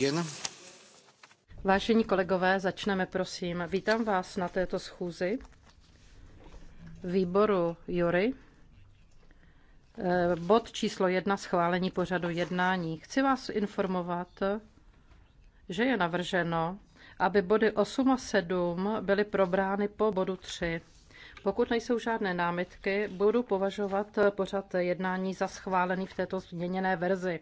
Jen. Vážení kolegové, začneme prosím. Vítám vás na této schůzi výboru Jury. Eh, bod číslo jedna schválení pořadu jednání. Chci vás informovat, že je navrženo, aby body 8 a 7 byly probrány po bodu 3. Pokud nejsou žádné námitky, budu považovat pořad jednání za schválený v této změněné verzi.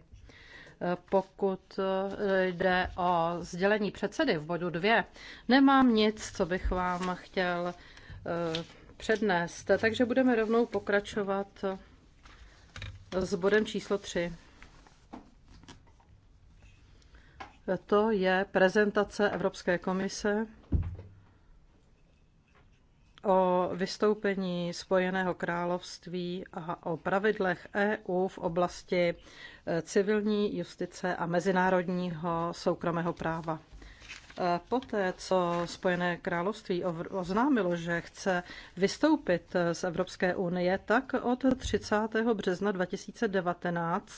Pokud eh, jde o sdělení předsedy v bodu 2, nemám nic, co bych vám chtěl eh, přednést, takže budeme rovnou pokračovat eh, s bodem číslo 3. To je prezentace Evropské komise o vystoupení Spojeného království a o pravidlech EU v oblasti civilní justice a mezinárodního soukromého práva. Poté, co Spojené království oznámilo, že chce vystoupit z Evropské unie, tak od 30. března 2019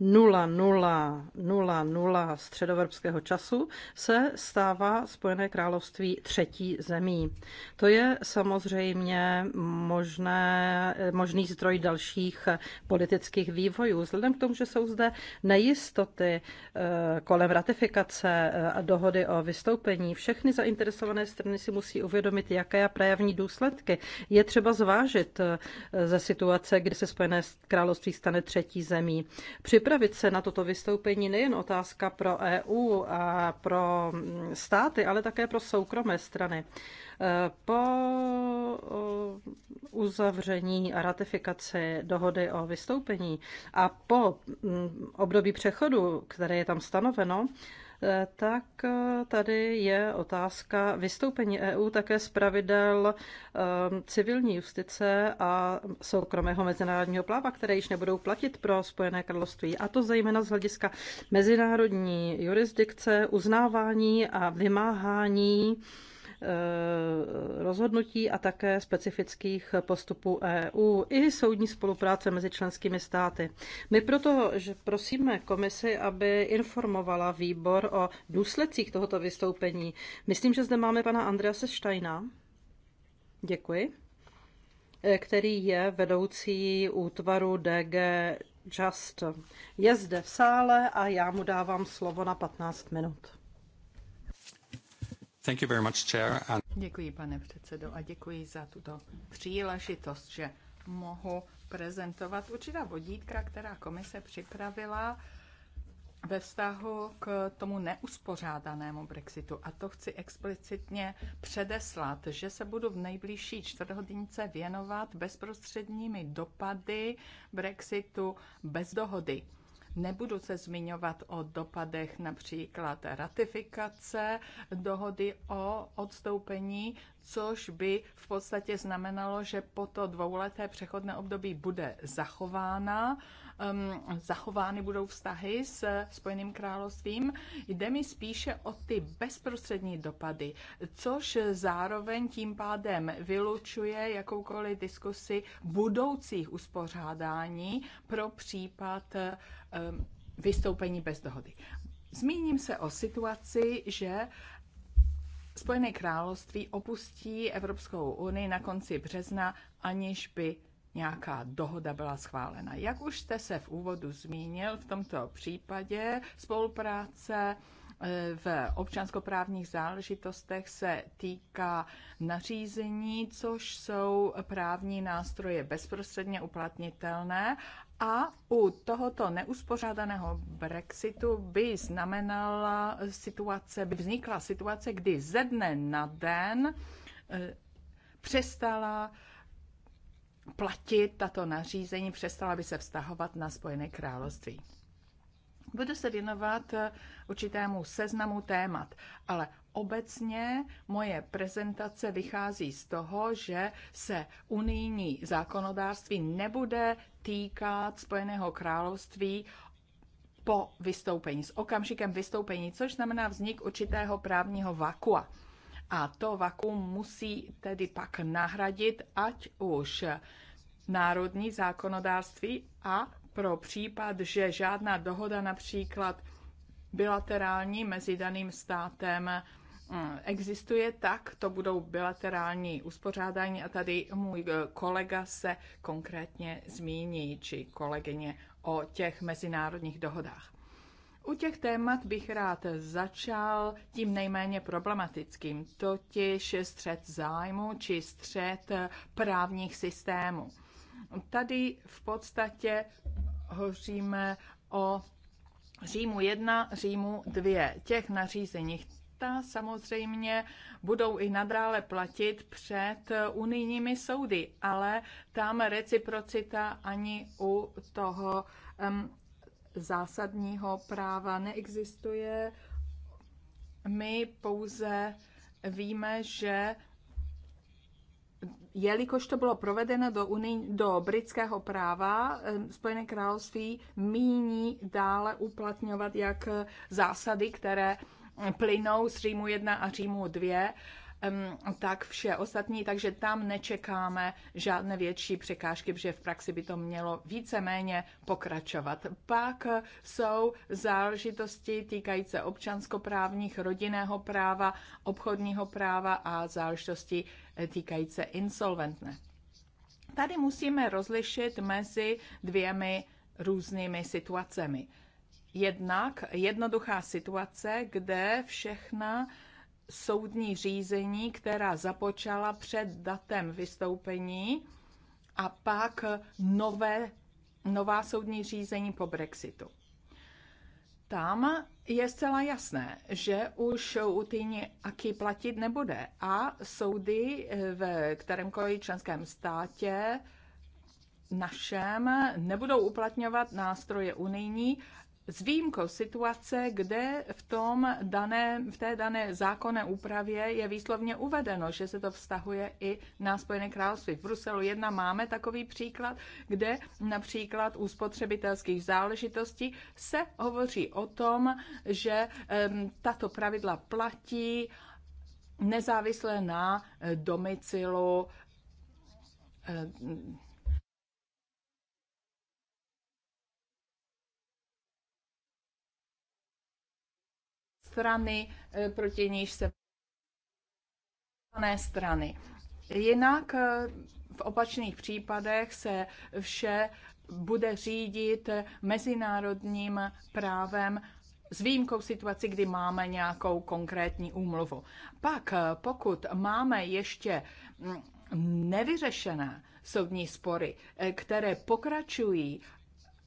0000 středoevropského času se stává Spojené království třetí zemí. To je samozřejmě možné, možný zdroj dalších politických vývojů. Vzhledem k tomu, že jsou zde nejistoty eh, kolem ratifikace eh, a dohody o vystoupení, všechny zainteresované strany si musí uvědomit, jaké a právní důsledky je třeba zvážit eh, ze situace, kdy se Spojené království stane třetí zemí. Při připravit se na toto vystoupení nejen otázka pro EU a pro mm, státy, ale také pro soukromé strany. E, po e, uzavření a ratifikaci dohody o vystoupení a po mm, období přechodu, které je tam stanoveno, tak tady je otázka vystoupení EU také z pravidel ehm, civilní justice a soukromého mezinárodního práva, které již nebudou platit pro Spojené království. A to zejména z hlediska mezinárodní jurisdikce, uznávání a vymáhání Eh, rozhodnutí a také specifických postupů EU i soudní spolupráce mezi členskými státy. My proto že prosíme komisi, aby informovala výbor o důsledcích tohoto vystoupení. Myslím, že zde máme pana Andrease Steina. Děkuji eh, který je vedoucí útvaru DG Just. Je zde v sále a já mu dávám slovo na 15 minut. Thank you very much, chair. And... Děkuji, pane předsedo, a děkuji za tuto příležitost, že mohu prezentovat určitá vodítka, která komise připravila ve vztahu k tomu neuspořádanému Brexitu. A to chci explicitně předeslat, že se budu v nejbližší čtvrthodince věnovat bezprostředními dopady Brexitu bez dohody Nebudu se zmiňovat o dopadech například ratifikace dohody o odstoupení, což by v podstatě znamenalo, že po to dvouleté přechodné období bude zachována, um, zachovány budou vztahy s Spojeným královstvím. Jde mi spíše o ty bezprostřední dopady, což zároveň tím pádem vylučuje jakoukoliv diskusi budoucích uspořádání pro případ Um, vystoupení bez dohody. Zmíním se o situaci, že Spojené království opustí Evropskou unii na konci března, aniž by nějaká dohoda byla schválena. Jak už jste se v úvodu zmínil, v tomto případě spolupráce v občanskoprávních záležitostech se týká nařízení, což jsou právní nástroje bezprostředně uplatnitelné a u tohoto neuspořádaného Brexitu by znamenala situace, by vznikla situace, kdy ze dne na den eh, přestala platit tato nařízení, přestala by se vztahovat na Spojené království. Budu se věnovat eh, určitému seznamu témat, ale obecně moje prezentace vychází z toho, že se unijní zákonodárství nebude týkat Spojeného království po vystoupení, s okamžikem vystoupení, což znamená vznik určitého právního vakua. A to vakuum musí tedy pak nahradit ať už národní zákonodárství a pro případ, že žádná dohoda například bilaterální mezi daným státem mm, existuje, tak to budou bilaterální uspořádání a tady můj eh, kolega se konkrétně zmíní, či kolegyně, o těch mezinárodních dohodách. U těch témat bych rád začal tím nejméně problematickým, totiž střed zájmu či střed právních systémů. Tady v podstatě hovoříme o Římu 1, Římu 2, těch nařízeních. Ta samozřejmě budou i nadále platit před unijními soudy, ale tam reciprocita ani u toho um, zásadního práva neexistuje. My pouze víme, že jelikož to bylo provedeno do, unij, do britského práva, Spojené království míní dále uplatňovat jak eh, zásady, které eh, plynou z Římu 1 a Římu 2, tak vše ostatní, takže tam nečekáme žádné větší překážky, protože v praxi by to mělo víceméně pokračovat. Pak jsou záležitosti týkající se občanskoprávních, rodinného práva, obchodního práva a záležitosti eh, týkající se insolventné. Tady musíme rozlišit mezi dvěmi různými situacemi. Jednak jednoduchá situace, kde všechna soudní řízení, která započala před datem vystoupení a pak nové, nová soudní řízení po Brexitu. Tam je zcela jasné, že už u týni aký platit nebude a soudy v kterémkoliv členském státě našem nebudou uplatňovat nástroje unijní s výjimkou situace, kde v, tom dané, v té dané zákonné úpravě je výslovně uvedeno, že se to vztahuje i na Spojené království. V Bruselu 1 máme takový příklad, kde například u spotřebitelských záležitostí se hovoří o tom, že um, tato pravidla platí nezávisle na eh, domicilu um, strany, eh, proti níž se strany. Jinak eh, v opačných případech se vše bude řídit mezinárodním právem s výjimkou situaci, kdy máme nějakou konkrétní úmluvu. Pak, eh, pokud máme ještě mm, nevyřešené soudní spory, které pokračují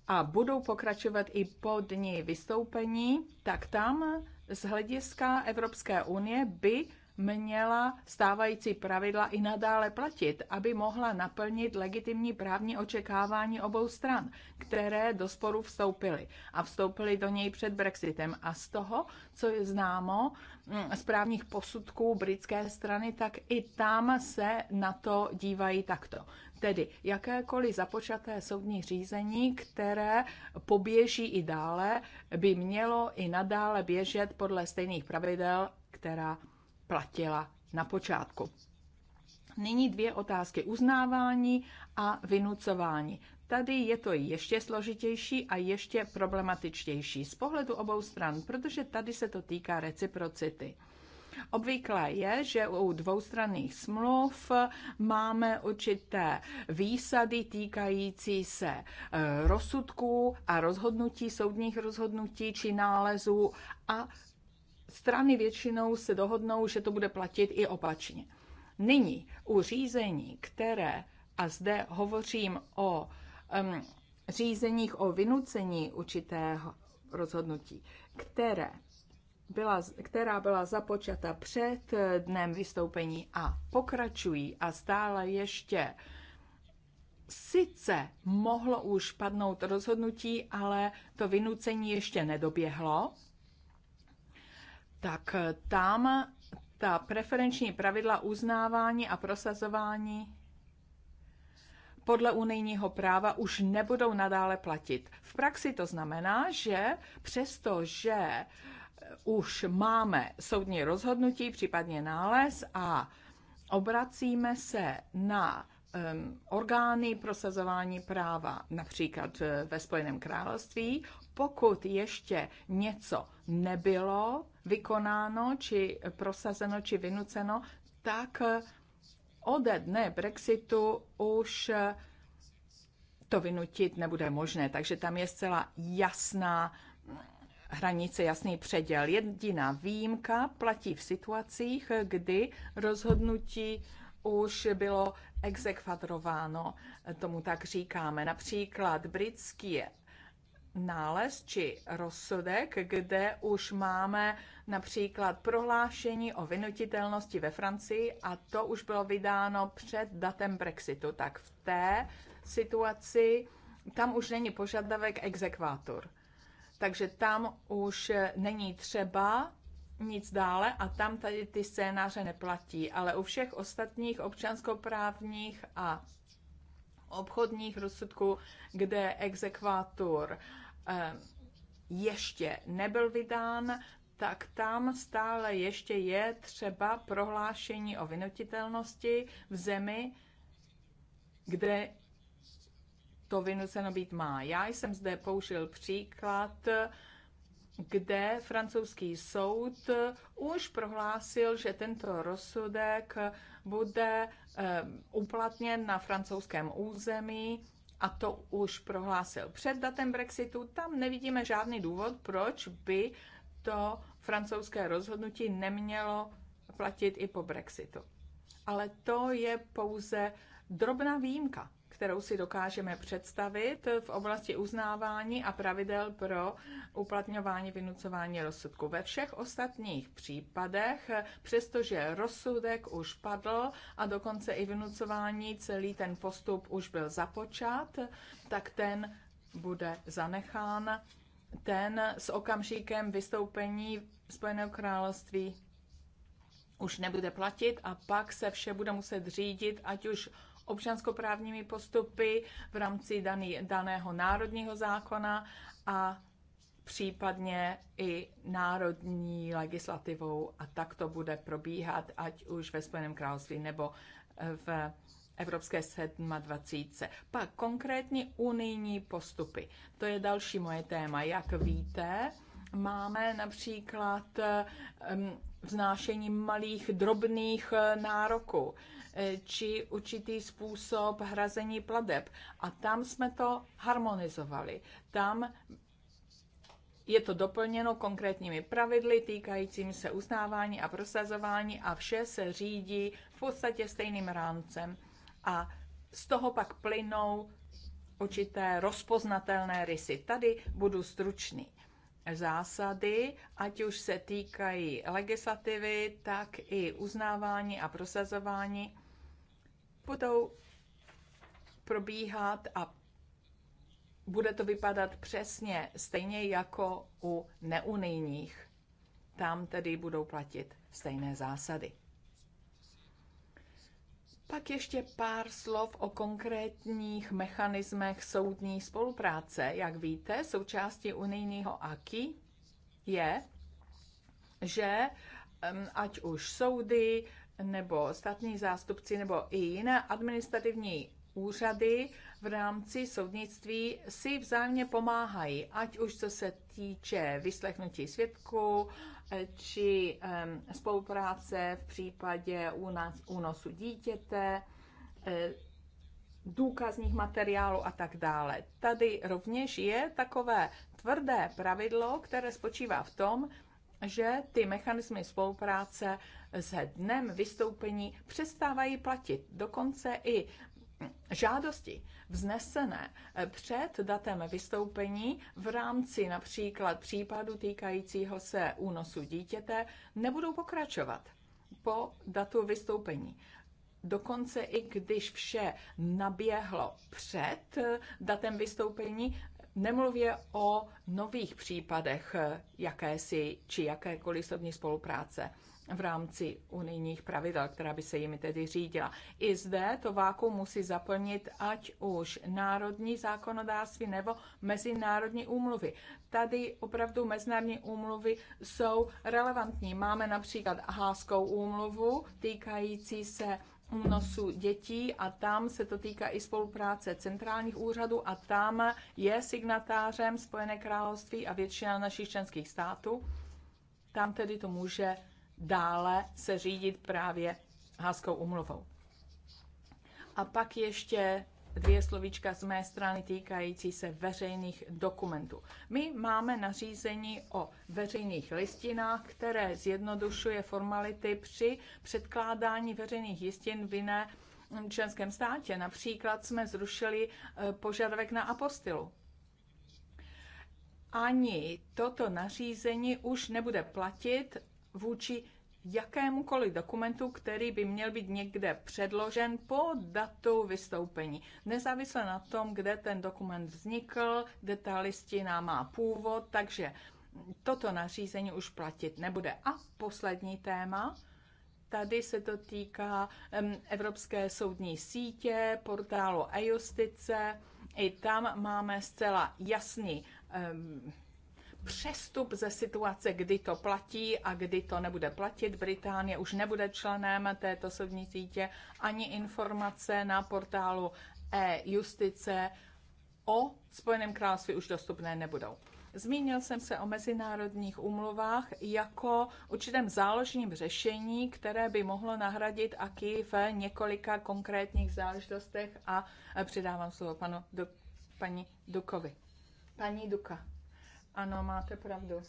a budou pokračovat i po dní vystoupení, tak tam z hlediska Evropské unie by měla stávající pravidla i nadále platit, aby mohla naplnit legitimní právní očekávání obou stran, které do sporu vstoupily a vstoupily do něj před Brexitem. A z toho, co je známo mm, z právních posudků britské strany, tak i tam se na to dívají takto. Tedy jakékoliv započaté soudní řízení, které poběží i dále, by mělo i nadále běžet podle stejných pravidel, která platila na počátku. Nyní dvě otázky uznávání a vynucování. Tady je to ještě složitější a ještě problematičtější z pohledu obou stran, protože tady se to týká reciprocity. Obvyklé je, že u dvoustranných smluv máme určité výsady týkající se e, rozsudků a rozhodnutí, soudních rozhodnutí či nálezů a strany většinou se dohodnou, že to bude platit i opačně. Nyní u řízení, které, a zde hovořím o um, řízeních o vynucení určitého rozhodnutí, které byla, která byla započata před dnem vystoupení a pokračují a stále ještě sice mohlo už padnout rozhodnutí, ale to vynucení ještě nedoběhlo, tak tam ta preferenční pravidla uznávání a prosazování podle unijního práva už nebudou nadále platit. V praxi to znamená, že přestože už máme soudní rozhodnutí, případně nález a obracíme se na um, orgány prosazování práva, například eh, ve Spojeném království, pokud ještě něco nebylo vykonáno, či prosazeno, či vynuceno, tak eh, ode dne Brexitu už eh, to vynutit nebude možné. Takže tam je zcela jasná hranice jasný předěl. Jediná výjimka platí v situacích, kdy rozhodnutí už bylo exekvadrováno, tomu tak říkáme. Například britský nález či rozsudek, kde už máme například prohlášení o vynutitelnosti ve Francii a to už bylo vydáno před datem Brexitu, tak v té situaci tam už není požadavek exekvátor. Takže tam už není třeba nic dále a tam tady ty scénáře neplatí. Ale u všech ostatních občanskoprávních a obchodních rozsudků, kde exekvátor eh, ještě nebyl vydán, tak tam stále ještě je třeba prohlášení o vynutitelnosti v zemi, kde to vynuceno být má. Já jsem zde použil příklad, kde francouzský soud už prohlásil, že tento rozsudek bude eh, uplatněn na francouzském území a to už prohlásil před datem Brexitu. Tam nevidíme žádný důvod, proč by to francouzské rozhodnutí nemělo platit i po Brexitu. Ale to je pouze drobná výjimka kterou si dokážeme představit v oblasti uznávání a pravidel pro uplatňování vynucování rozsudku. Ve všech ostatních případech, přestože rozsudek už padl a dokonce i vynucování, celý ten postup už byl započat, tak ten bude zanechán. Ten s okamžikem vystoupení Spojeného království už nebude platit a pak se vše bude muset řídit, ať už občanskoprávními postupy v rámci daný, daného národního zákona a případně i národní legislativou a tak to bude probíhat, ať už ve Spojeném království nebo eh, v Evropské 27. Pak konkrétně unijní postupy. To je další moje téma. Jak víte, máme například um, vznášení malých drobných eh, nároků eh, či určitý způsob hrazení pladeb. A tam jsme to harmonizovali. Tam je to doplněno konkrétními pravidly týkajícím se uznávání a prosazování a vše se řídí v podstatě stejným rámcem. A z toho pak plynou určité rozpoznatelné rysy. Tady budu stručný zásady, ať už se týkají legislativy, tak i uznávání a prosazování, budou probíhat a bude to vypadat přesně stejně jako u neunijních. Tam tedy budou platit stejné zásady. Pak ještě pár slov o konkrétních mechanismech soudní spolupráce. Jak víte, součástí unijního AKI je, že ať už soudy, nebo státní zástupci, nebo i jiné administrativní úřady v rámci soudnictví si vzájemně pomáhají, ať už co se týče vyslechnutí svědků, či spolupráce v případě únosu dítěte, eh, důkazních materiálů a tak dále. Tady rovněž je takové tvrdé pravidlo, které spočívá v tom, že ty mechanismy spolupráce se dnem vystoupení přestávají platit. Dokonce i žádosti vznesené eh, před datem vystoupení v rámci například případu týkajícího se únosu dítěte nebudou pokračovat po datu vystoupení. Dokonce i když vše naběhlo před eh, datem vystoupení, nemluvě o nových případech eh, jakési či jakékoliv soudní spolupráce v rámci unijních pravidel, která by se jimi tedy řídila. I zde to váku musí zaplnit ať už národní zákonodárství nebo mezinárodní úmluvy. Tady opravdu mezinárodní úmluvy jsou relevantní. Máme například Háskou úmluvu týkající se únosu dětí a tam se to týká i spolupráce centrálních úřadů a tam je signatářem Spojené království a většina našich členských států. Tam tedy to může dále se řídit právě Háskou umluvou. A pak ještě dvě slovíčka z mé strany týkající se veřejných dokumentů. My máme nařízení o veřejných listinách, které zjednodušuje formality při předkládání veřejných listin v jiné členském státě. Například jsme zrušili eh, požadavek na apostilu. Ani toto nařízení už nebude platit vůči jakémukoliv dokumentu, který by měl být někde předložen po datu vystoupení. Nezávisle na tom, kde ten dokument vznikl, kde ta listina má původ, takže toto nařízení už platit nebude. A poslední téma, tady se to týká Evropské soudní sítě, portálu e-justice, i tam máme zcela jasný um, přestup ze situace, kdy to platí a kdy to nebude platit. Británie už nebude členem této soudní sítě ani informace na portálu e-justice o Spojeném království už dostupné nebudou. Zmínil jsem se o mezinárodních umluvách jako určitém záložním řešení, které by mohlo nahradit AKI v několika konkrétních záležitostech a předávám slovo panu, do, paní Dukovi. Paní Duka. Ano, máte pravdu.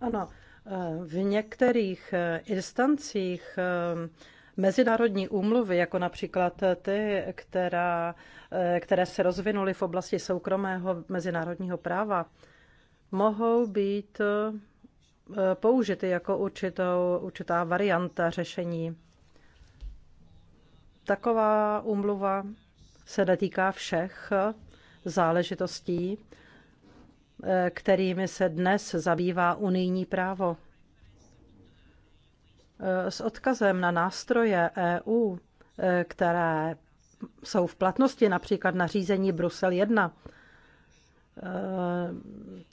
Ano, eh, v některých eh, instancích eh, mezinárodní úmluvy, jako například ty, která, které se rozvinuly v oblasti soukromého mezinárodního práva, mohou být použity jako určitou, určitá varianta řešení. Taková úmluva se netýká všech záležitostí, eh, kterými se dnes zabývá unijní právo. Eh, s odkazem na nástroje EU, eh, které jsou v platnosti, například na řízení Brusel 1,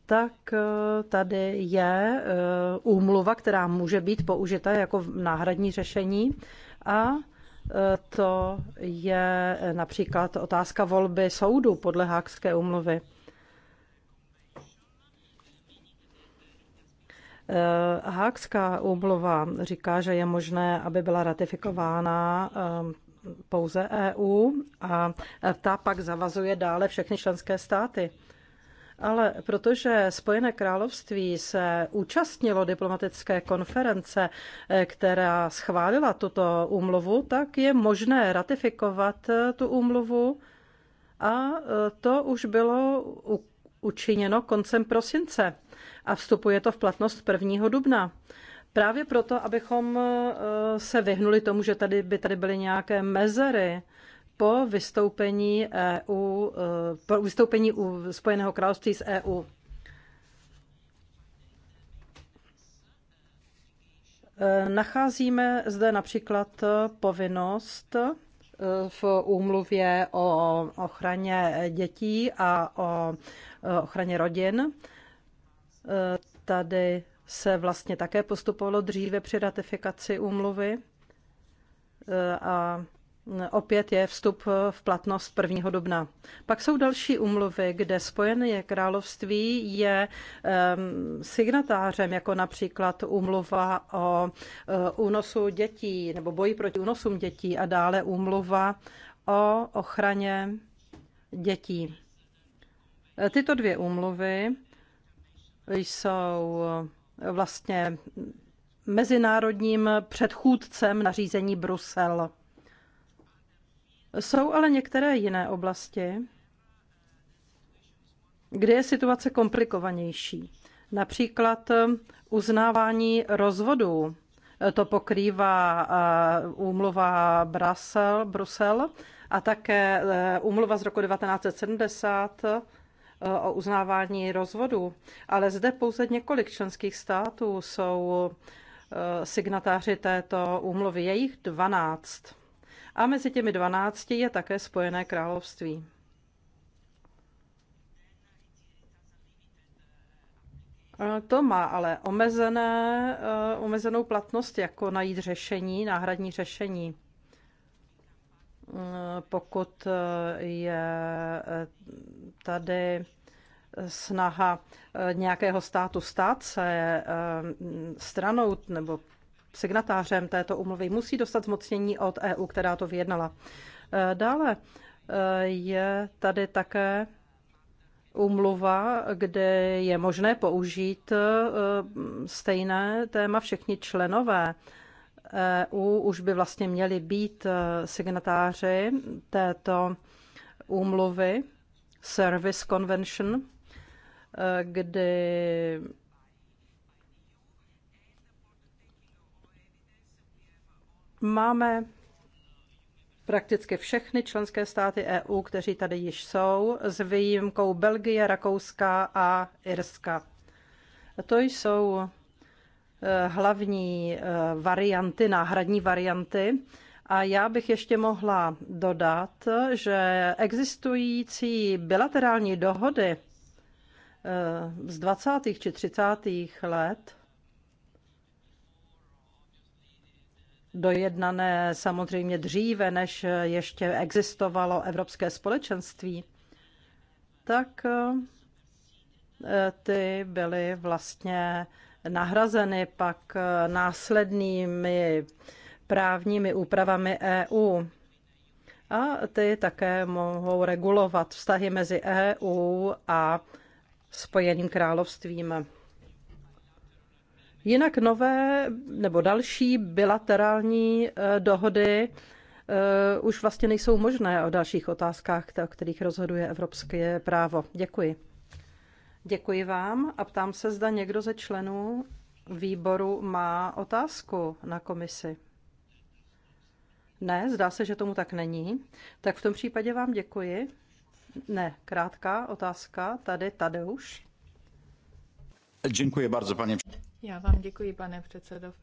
tak tady je úmluva, která může být použita jako náhradní řešení a to je například otázka volby soudu podle Hákské umluvy. Hákská úmluva říká, že je možné, aby byla ratifikována ehm, pouze EU a ta pak zavazuje dále všechny členské státy. Ale protože Spojené království se účastnilo diplomatické konference, eh, která schválila tuto úmluvu, tak je možné ratifikovat eh, tu úmluvu a eh, to už bylo učiněno koncem prosince a vstupuje to v platnost 1. dubna. Právě proto, abychom se vyhnuli tomu, že tady by tady byly nějaké mezery, po vystoupení EU, eh, po vystoupení u Spojeného království z EU. Eh, nacházíme zde například povinnost eh, v úmluvě o ochraně dětí a o ochraně rodin. Tady se vlastně také postupovalo dříve při ratifikaci úmluvy a opět je vstup v platnost 1. dubna. Pak jsou další umluvy, kde Spojené království je signatářem, jako například umluva o eh, únosu dětí nebo boji proti únosům dětí a dále umluva o ochraně dětí. Tyto dvě umluvy jsou eh, vlastně mezinárodním předchůdcem nařízení Brusel jsou ale některé jiné oblasti, kde je situace komplikovanější. Například eh, uznávání rozvodů. Eh, to pokrývá eh, úmluva Brusel, Brusel a také úmluva z roku 1970 o uznávání rozvodů. Ale zde pouze několik členských států jsou signatáři této úmluvy. Je jich 12 a mezi těmi 12 je také Spojené království. To má ale omezené, eh, omezenou platnost, jako najít řešení, náhradní řešení. Eh, pokud eh, je tady snaha nějakého státu stát se stranou nebo signatářem této umluvy musí dostat zmocnění od EU, která to vyjednala. E, dále e, je tady také umluva, kde je možné použít e, stejné téma všichni členové. EU už by vlastně měli být signatáři této úmluvy Service Convention, kdy Máme prakticky všechny členské státy EU, kteří tady již jsou, s výjimkou Belgie, Rakouska a Irska. To jsou eh, hlavní eh, varianty, náhradní varianty. A já bych ještě mohla dodat, že existující bilaterální dohody eh, z 20. či 30. let dojednané samozřejmě dříve, než ještě existovalo Evropské společenství, tak eh, ty byly vlastně nahrazeny pak eh, následnými právními úpravami EU. A ty také mohou regulovat vztahy mezi EU a Spojeným královstvím. Jinak nové nebo další bilaterální eh, dohody eh, už vlastně nejsou možné o dalších otázkách, o kterých rozhoduje evropské právo. Děkuji. Děkuji vám a ptám se, zda někdo ze členů výboru má otázku na komisi. Ne, zdá se, že tomu tak není. Tak v tom případě vám děkuji. Ne, krátká otázka, tady tady už. Děkuji bardzo, paní já vám děkuji, pane předsedo.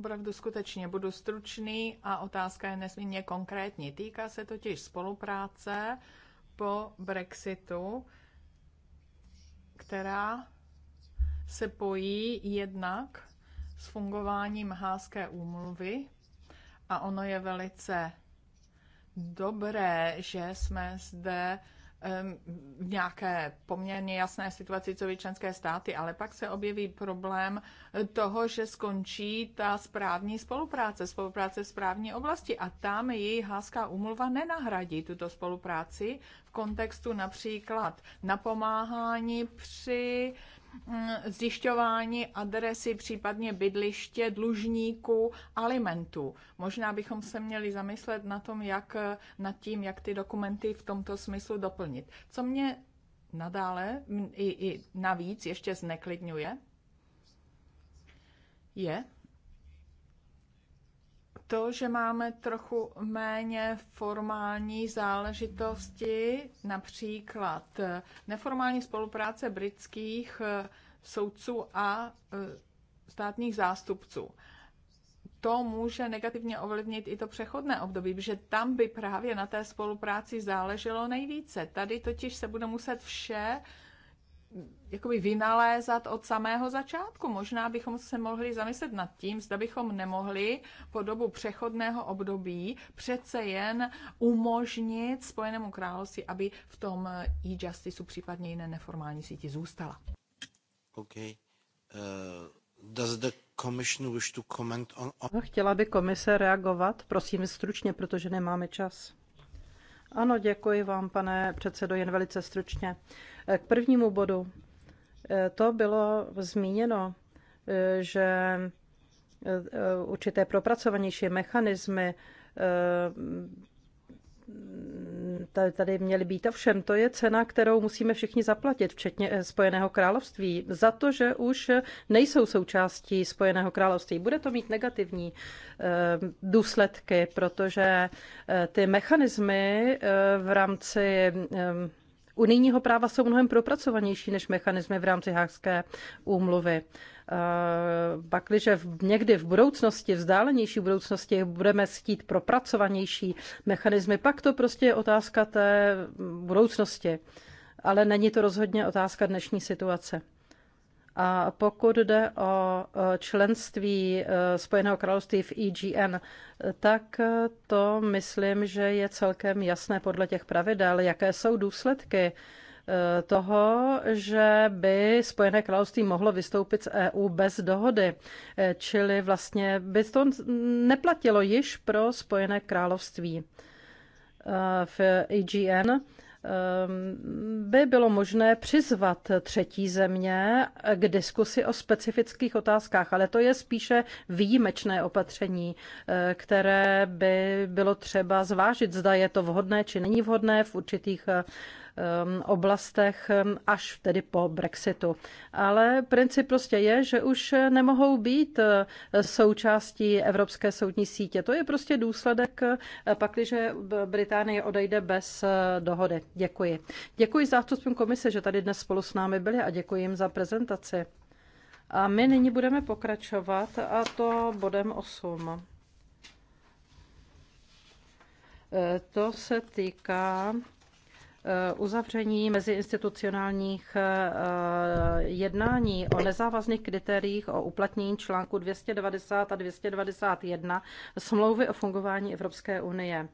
Opravdu skutečně budu stručný a otázka je nesmírně konkrétní. Týká se totiž spolupráce po Brexitu, která se pojí jednak s fungováním Háské úmluvy a ono je velice dobré, že jsme zde v nějaké poměrně jasné situaci, co by členské státy, ale pak se objeví problém toho, že skončí ta správní spolupráce, spolupráce v správní oblasti a tam její háská umluva nenahradí tuto spolupráci v kontextu například napomáhání při Mm, zjišťování adresy, případně bydliště dlužníků alimentů. Možná bychom se měli zamyslet na tom, jak, nad tím, jak ty dokumenty v tomto smyslu doplnit. Co mě nadále mm, i, i navíc ještě zneklidňuje, je, to, že máme trochu méně formální záležitosti, například eh, neformální spolupráce britských eh, soudců a eh, státních zástupců. To může negativně ovlivnit i to přechodné období, protože tam by právě na té spolupráci záleželo nejvíce. Tady totiž se bude muset vše jakoby vynalézat od samého začátku. Možná bychom se mohli zamyslet nad tím, zda bychom nemohli po dobu přechodného období přece jen umožnit Spojenému království, aby v tom e justice případně jiné neformální síti zůstala. OK. Uh, does the commission wish to comment on, on... No, chtěla by komise reagovat? Prosím stručně, protože nemáme čas. Ano, děkuji vám, pane předsedo, jen velice stručně. Uh, k prvnímu bodu. E, to bylo zmíněno, e, že e, určité propracovanější mechanismy tady měly být. Ovšem, to je cena, kterou musíme všichni zaplatit, včetně Spojeného království, za to, že už nejsou součástí Spojeného království. Bude to mít negativní důsledky, protože ty mechanismy v rámci unijního práva jsou mnohem propracovanější než mechanismy v rámci Hákské úmluvy. Eh, pakliže někdy v budoucnosti, vzdálenější budoucnosti, budeme chtít propracovanější mechanismy, pak to prostě je otázka té budoucnosti. Ale není to rozhodně otázka dnešní situace. A pokud jde o e, členství e, Spojeného království v EGN, tak e, to myslím, že je celkem jasné podle těch pravidel, jaké jsou důsledky toho, že by Spojené království mohlo vystoupit z EU bez dohody. Čili vlastně by to neplatilo již pro Spojené království v EGN Ehm, by bylo možné přizvat třetí země k diskusi o specifických otázkách, ale to je spíše výjimečné opatření, eh, které by bylo třeba zvážit, zda je to vhodné či není vhodné v určitých eh, Um, oblastech um, až tedy po Brexitu. Ale princip prostě je, že už nemohou být uh, součástí Evropské soudní sítě. To je prostě důsledek uh, pakliže Británie odejde bez uh, dohody. Děkuji. Děkuji zástupcům komise, že tady dnes spolu s námi byli a děkuji jim za prezentaci. A my nyní budeme pokračovat a to bodem 8. E, to se týká Eh, uzavření meziinstitucionálních eh, jednání o nezávazných kritériích o uplatnění článku 290 a 291 smlouvy o fungování Evropské unie.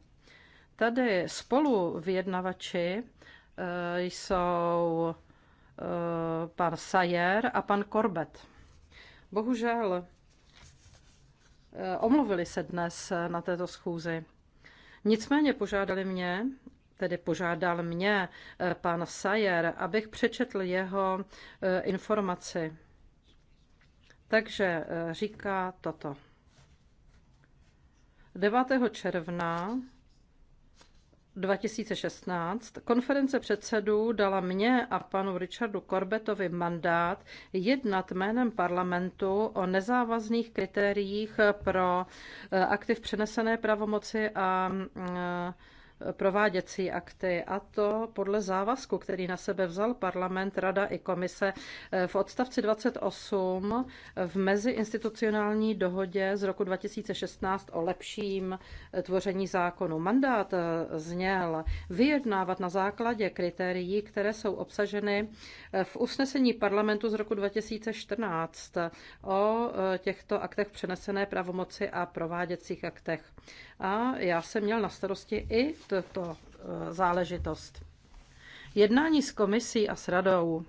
Tady spolu vyjednavači eh, jsou pan Sayer a pan Korbet. Bohužel omluvili se dnes na této schůzi. Nicméně požádali mě, tedy požádal mě, eh, pan Sayer, abych přečetl jeho eh, informaci. Takže eh, říká toto. 9. června 2016 konference předsedů dala mě a panu Richardu Corbettovi mandát jednat jménem parlamentu o nezávazných kritériích pro aktiv přenesené pravomoci a prováděcí akty, a to podle závazku, který na sebe vzal parlament, rada i komise eh, v odstavci 28 eh, v meziinstitucionální dohodě z roku 2016 o lepším eh, tvoření zákonu. Mandát zněl vyjednávat na základě kritérií, které jsou obsaženy v usnesení parlamentu z roku 2014 o těchto aktech přenesené pravomoci a prováděcích aktech. A já jsem měl na starosti i tuto eh, záležitost. Jednání s komisí a s radou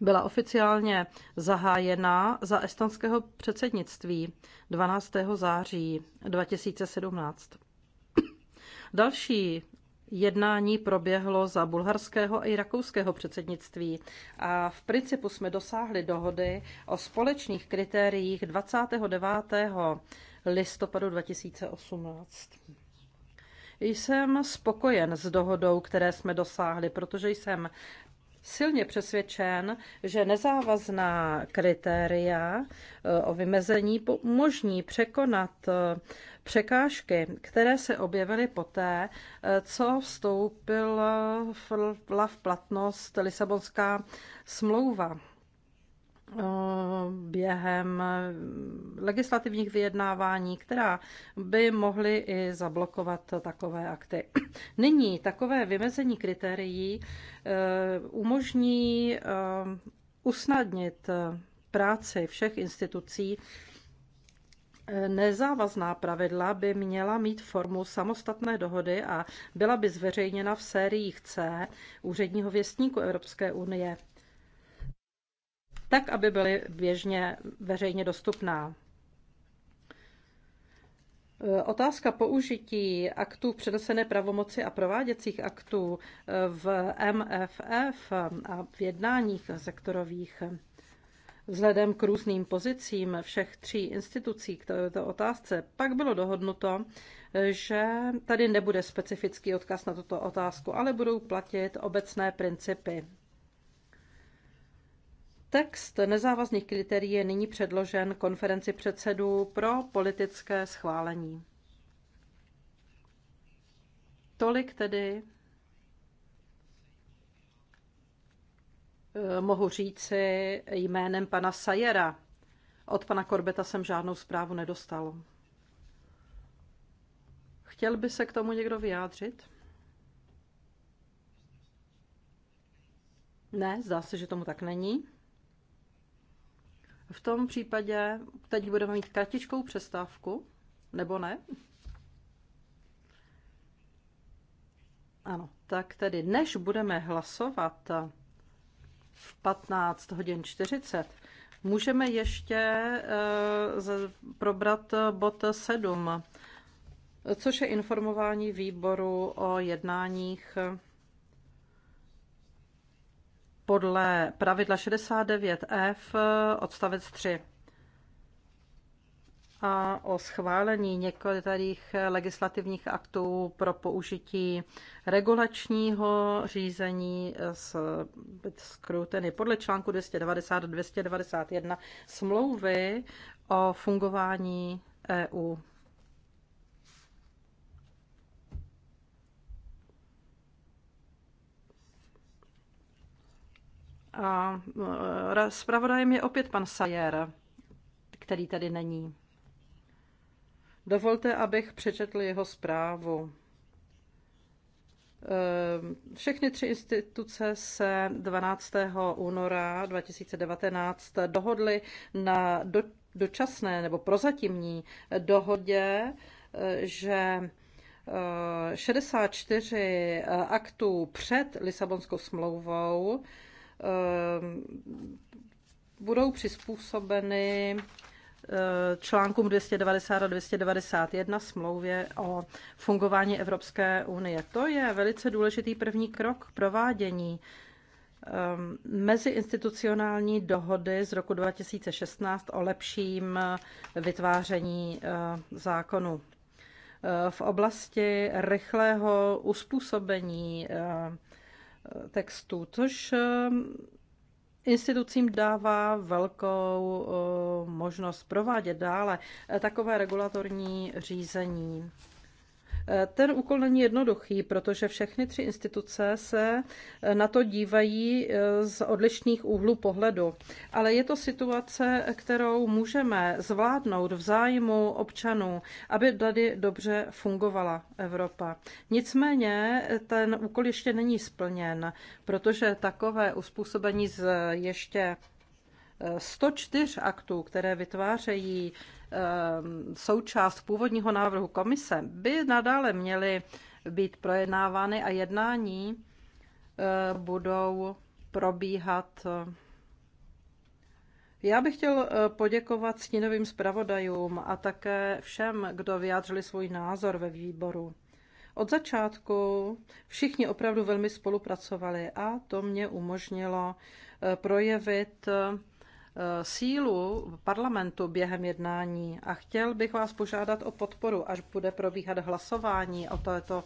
byla oficiálně zahájena za estonského předsednictví 12. září 2017. Další jednání proběhlo za bulharského i rakouského předsednictví a v principu jsme dosáhli dohody o společných kritériích 29. listopadu 2018. Jsem spokojen s dohodou, které jsme dosáhli, protože jsem silně přesvědčen, že nezávazná kritéria eh, o vymezení umožní překonat eh, překážky, které se objevily poté, eh, co vstoupila v platnost Lisabonská smlouva. Eh, během legislativních vyjednávání, která by mohly i zablokovat takové akty. Nyní takové vymezení kritérií eh, umožní eh, usnadnit práci všech institucí. Nezávazná pravidla by měla mít formu samostatné dohody a byla by zveřejněna v sériích C úředního věstníku Evropské unie tak aby byly běžně veřejně dostupná. E, otázka použití aktů přenesené pravomoci a prováděcích aktů e, v MFF a v jednáních sektorových Vzhledem k různým pozicím všech tří institucí k této otázce pak bylo dohodnuto, že tady nebude specifický odkaz na tuto otázku, ale budou platit obecné principy. Text nezávazných kritérií je nyní předložen konferenci předsedů pro politické schválení. Tolik tedy eh, mohu říci jménem pana Sajera. Od pana Korbeta jsem žádnou zprávu nedostal. Chtěl by se k tomu někdo vyjádřit? Ne, zdá se, že tomu tak není. V tom případě teď budeme mít kratičkou přestávku, nebo ne? Ano, tak tedy než budeme hlasovat v 15 hodin 40, můžeme ještě eh, probrat bod 7, což je informování výboru o jednáních podle pravidla 69F odstavec 3 a o schválení některých legislativních aktů pro použití regulačního řízení s skrutiny podle článku 290 291 smlouvy o fungování EU. A e, zpravodajem je opět pan Sajer, který tady není. Dovolte, abych přečetl jeho zprávu. E, všechny tři instituce se 12. února 2019 dohodly na dočasné nebo prozatímní dohodě, e, že 64 aktů před Lisabonskou smlouvou Ehm, budou přizpůsobeny eh, článkům 290 a 291 smlouvě o fungování Evropské unie. To je velice důležitý první krok k provádění ehm, meziinstitucionální dohody z roku 2016 o lepším eh, vytváření eh, zákonu. V oblasti rychlého uspůsobení textů, což ehm, institucím dává velkou eh, možnost provádět dále eh, takové regulatorní řízení. Ten úkol není jednoduchý, protože všechny tři instituce se na to dívají eh, z odlišných úhlů pohledu. Ale je to situace, kterou můžeme zvládnout v zájmu občanů, aby tady dobře fungovala Evropa. Nicméně eh, ten úkol ještě není splněn, protože takové uspůsobení z ještě 104 eh, aktů, které vytvářejí Ehm, součást původního návrhu komise, by nadále měly být projednávány a jednání eh, budou probíhat. Eh. Já bych chtěl eh, poděkovat stínovým zpravodajům a také všem, kdo vyjádřili svůj názor ve výboru. Od začátku všichni opravdu velmi spolupracovali a to mě umožnilo projevit Eh, sílu parlamentu během jednání a chtěl bych vás požádat o podporu, až bude probíhat hlasování o této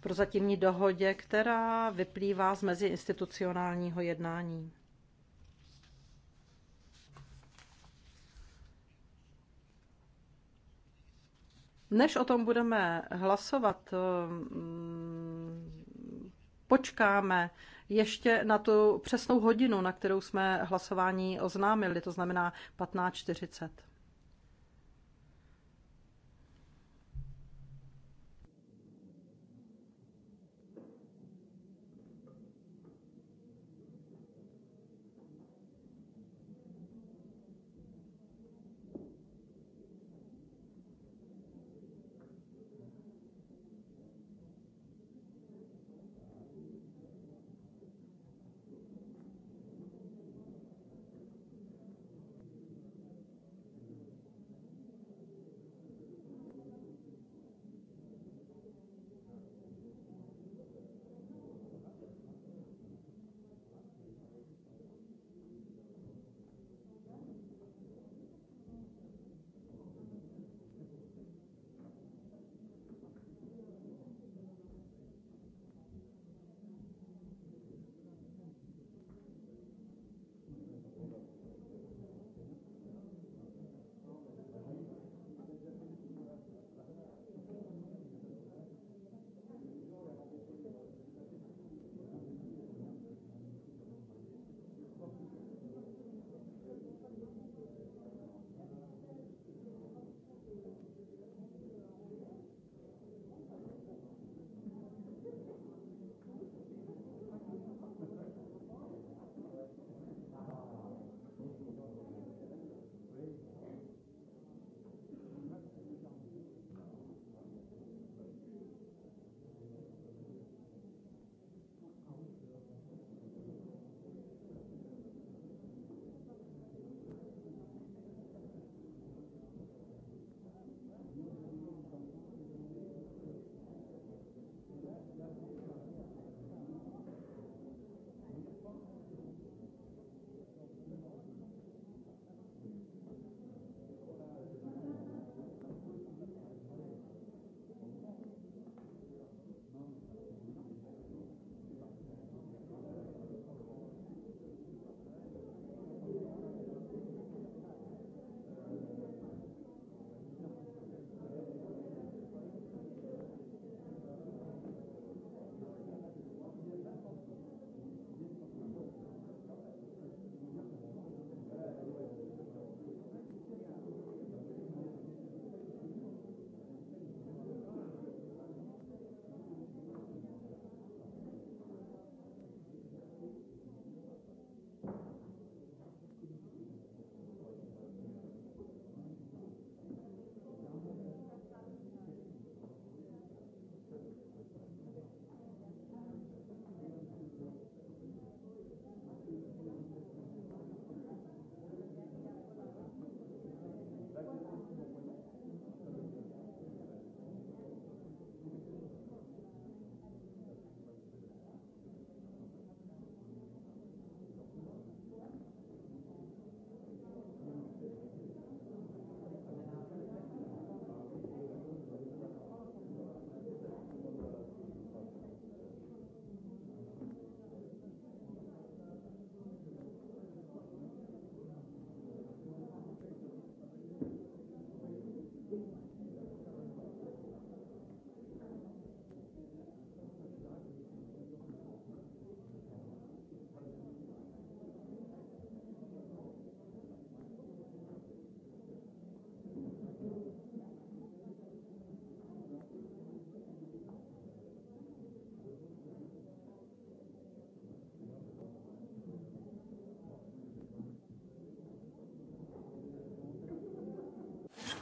prozatímní dohodě, která vyplývá z meziinstitucionálního jednání. Než o tom budeme hlasovat, eh, počkáme ještě na tu přesnou hodinu, na kterou jsme hlasování oznámili, to znamená 15.40.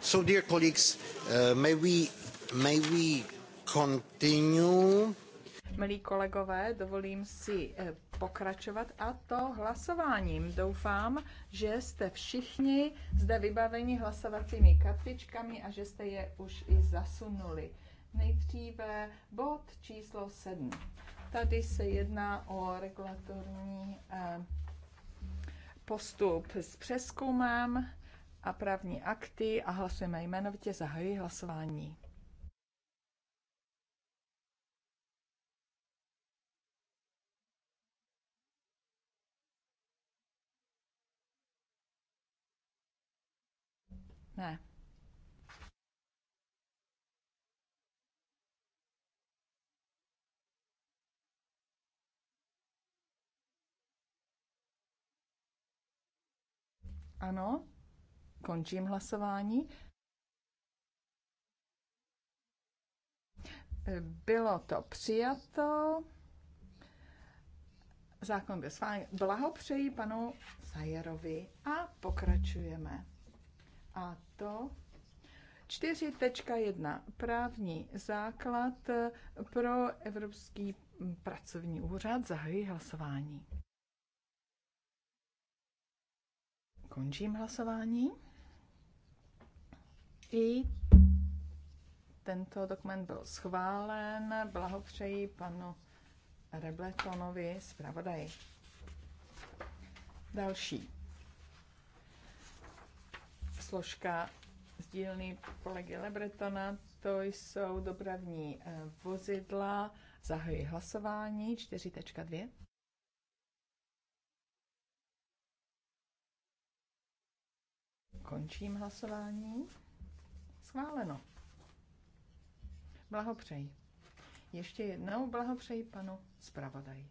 So, dear colleagues, uh, may we, may we continue? Milí kolegové, dovolím si eh, pokračovat a to hlasováním. Doufám, že jste všichni zde vybaveni hlasovacími kartičkami a že jste je už i zasunuli. Nejdříve bod číslo 7. Tady se jedná o regulatorní eh, postup s přeskumem a právní akty a hlasujeme jmenovitě. Zahajuji hlasování. Ne. Ano. Končím hlasování. Bylo to přijato. Zákon byl schválen. Blahopřeji panu Sajerovi a pokračujeme. A to 4.1. Právní základ pro Evropský pracovní úřad. Zahajuji hlasování. Končím hlasování. I tento dokument byl schválen. Blahopřeji panu Rebletonovi zpravodaji. Další složka z dílny kolegy Lebretona, to jsou dopravní eh, vozidla. Zahajuji hlasování 4.2. Končím hlasování schváleno. Blahopřeji. Ještě jednou blahopřeji panu zpravodaji.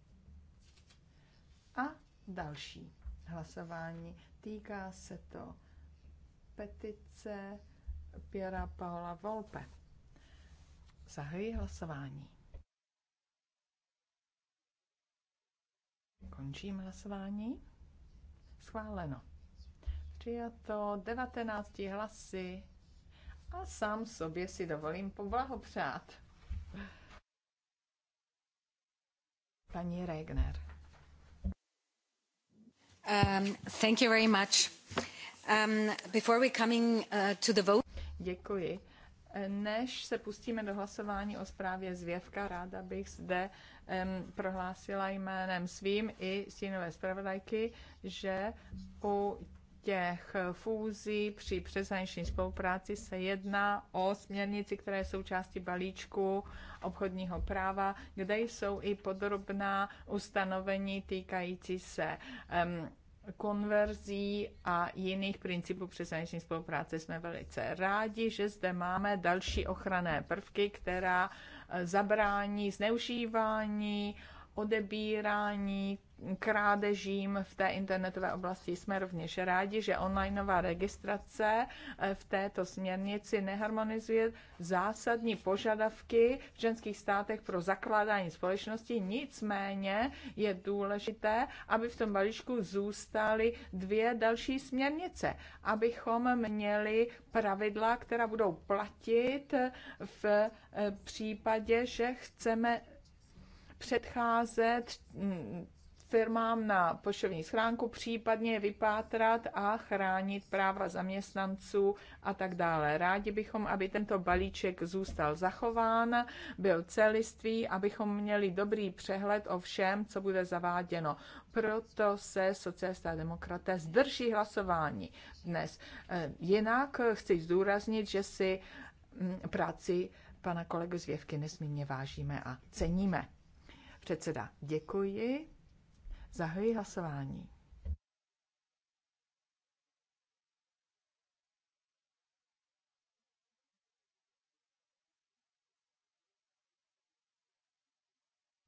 A další hlasování týká se to petice Piera Paola Volpe. Zahajuji hlasování. Končím hlasování. Schváleno. Přijato 19 hlasy a sám sobě si dovolím poblahopřát. Paní Regner. Um, thank you very much. Um, before we coming uh, to the vote. Děkuji. Než se pustíme do hlasování o zprávě Zvěvka, ráda bych zde um, prohlásila jménem svým i stínové zpravodajky, že u těch fúzí při přeshraniční spolupráci se jedná o směrnici, které je součástí balíčku obchodního práva, kde jsou i podrobná ustanovení týkající se um, konverzí a jiných principů přeshraniční spolupráce. Jsme velice rádi, že zde máme další ochranné prvky, která eh, zabrání zneužívání, odebírání krádežím v té internetové oblasti. Jsme rovněž rádi, že onlineová registrace eh, v této směrnici neharmonizuje zásadní požadavky v ženských státech pro zakládání společnosti, nicméně je důležité, aby v tom balíčku zůstaly dvě další směrnice, abychom měli pravidla, která budou platit v eh, případě, že chceme předcházet mm, firmám na poštovní schránku, případně vypátrat a chránit práva zaměstnanců a tak dále. Rádi bychom, aby tento balíček zůstal zachován, byl celistvý, abychom měli dobrý přehled o všem, co bude zaváděno. Proto se Sociálista a demokraté zdrží hlasování dnes. Eh, jinak chci zdůraznit, že si mm, práci pana kolegy Zvěvky nesmírně vážíme a ceníme. Předseda, děkuji. Zahajuji hlasování.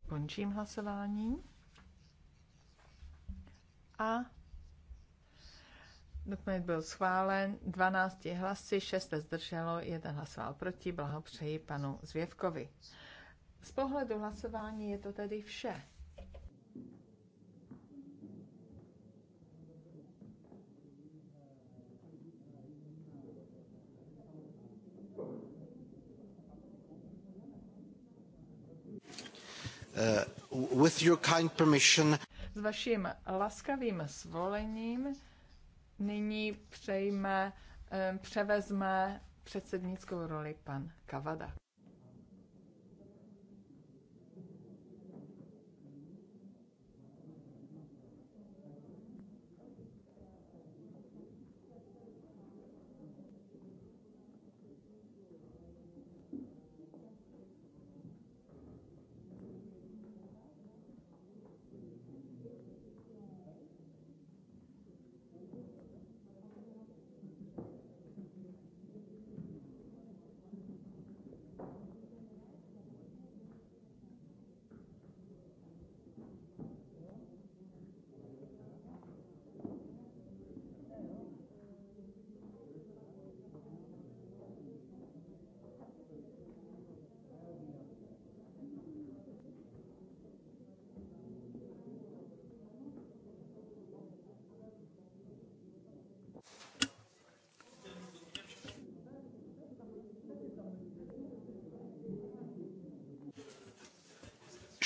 Končím hlasování. A dokument byl schválen 12 hlasy, 6 se zdrželo, 1 hlasoval proti. Blahopřeji panu Zvěvkovi. Z pohledu hlasování je to tedy vše. Uh, with your kind permission. S vaším laskavým svolením nyní přejme, eh, převezme předsednickou roli pan Kavada.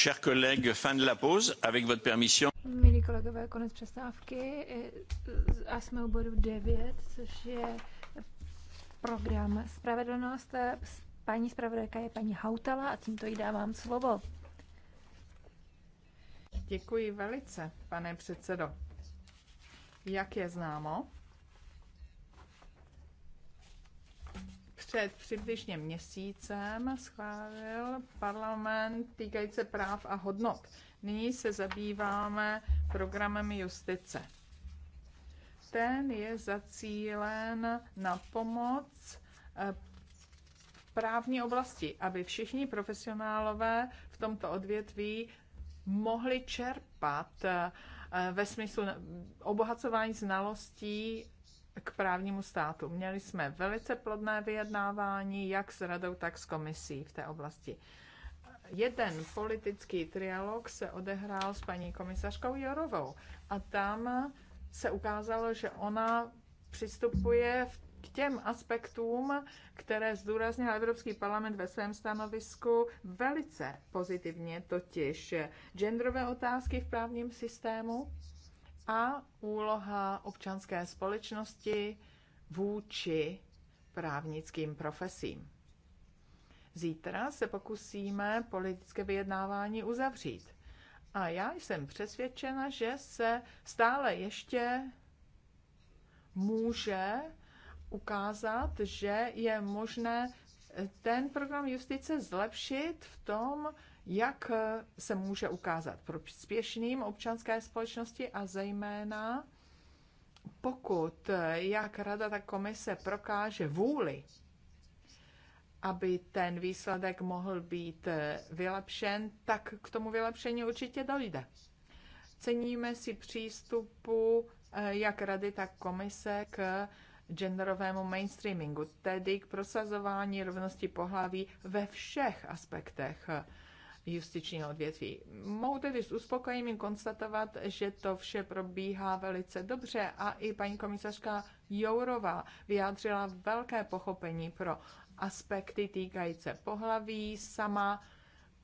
Chers collègues, fin de la pause, avec votre permission. Milí kolegové, konec přestávky a jsme u bodu 9, což je program Spravedlnost. Paní zpravodajka je paní Hautala a tímto jí dávám slovo. Děkuji velice, pane předsedo. Jak je známo, před přibližně měsícem schválil parlament týkající práv a hodnot. Nyní se zabýváme programem justice. Ten je zacílen na pomoc v eh, právní oblasti, aby všichni profesionálové v tomto odvětví mohli čerpat eh, ve smyslu obohacování znalostí k právnímu státu. Měli jsme velice plodné vyjednávání, jak s radou, tak s komisí v té oblasti. Jeden politický trialog se odehrál s paní komisařkou Jorovou a tam se ukázalo, že ona přistupuje k těm aspektům, které zdůraznil Evropský parlament ve svém stanovisku velice pozitivně, totiž genderové otázky v právním systému, a úloha občanské společnosti vůči právnickým profesím. Zítra se pokusíme politické vyjednávání uzavřít. A já jsem přesvědčena, že se stále ještě může ukázat, že je možné ten program justice zlepšit v tom, jak eh, se může ukázat prospěšným občanské společnosti a zejména pokud eh, jak rada, tak komise prokáže vůli, aby ten výsledek mohl být eh, vylepšen, tak k tomu vylepšení určitě dojde. Ceníme si přístupu jak rady, tak komise k genderovému mainstreamingu, tedy k prosazování rovnosti pohlaví ve všech aspektech justičního odvětví. Mohu tedy s uspokojením konstatovat, že to vše probíhá velice dobře a i paní komisařka Jourová vyjádřila velké pochopení pro aspekty týkající pohlaví. Sama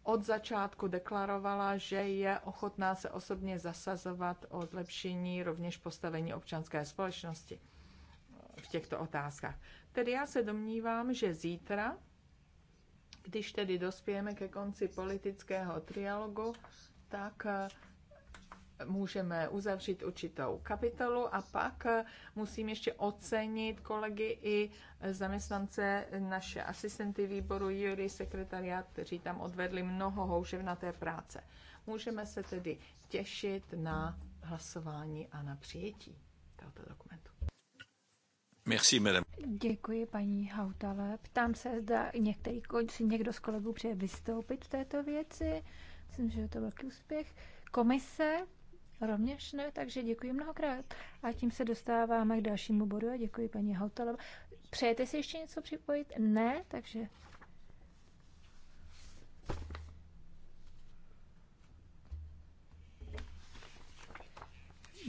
od začátku deklarovala, že je ochotná se osobně zasazovat o zlepšení rovněž postavení občanské společnosti v těchto otázkách. Tedy já se domnívám, že zítra když tedy dospějeme ke konci politického trialogu, tak eh, můžeme uzavřít určitou kapitolu a pak eh, musím ještě ocenit kolegy i zaměstnance, naše asistenty výboru Jury, sekretariát, kteří tam odvedli mnoho houževnaté práce. Můžeme se tedy těšit na hlasování a na přijetí tohoto dokumentu. Merci, madame. Děkuji, paní Hautale. Ptám se, zda některý, si někdo z kolegů přeje vystoupit v této věci. Myslím, že je to velký úspěch. Komise rovněž ne, takže děkuji mnohokrát. A tím se dostáváme k dalšímu bodu a děkuji paní Hautale. Přejete si ještě něco připojit? Ne, takže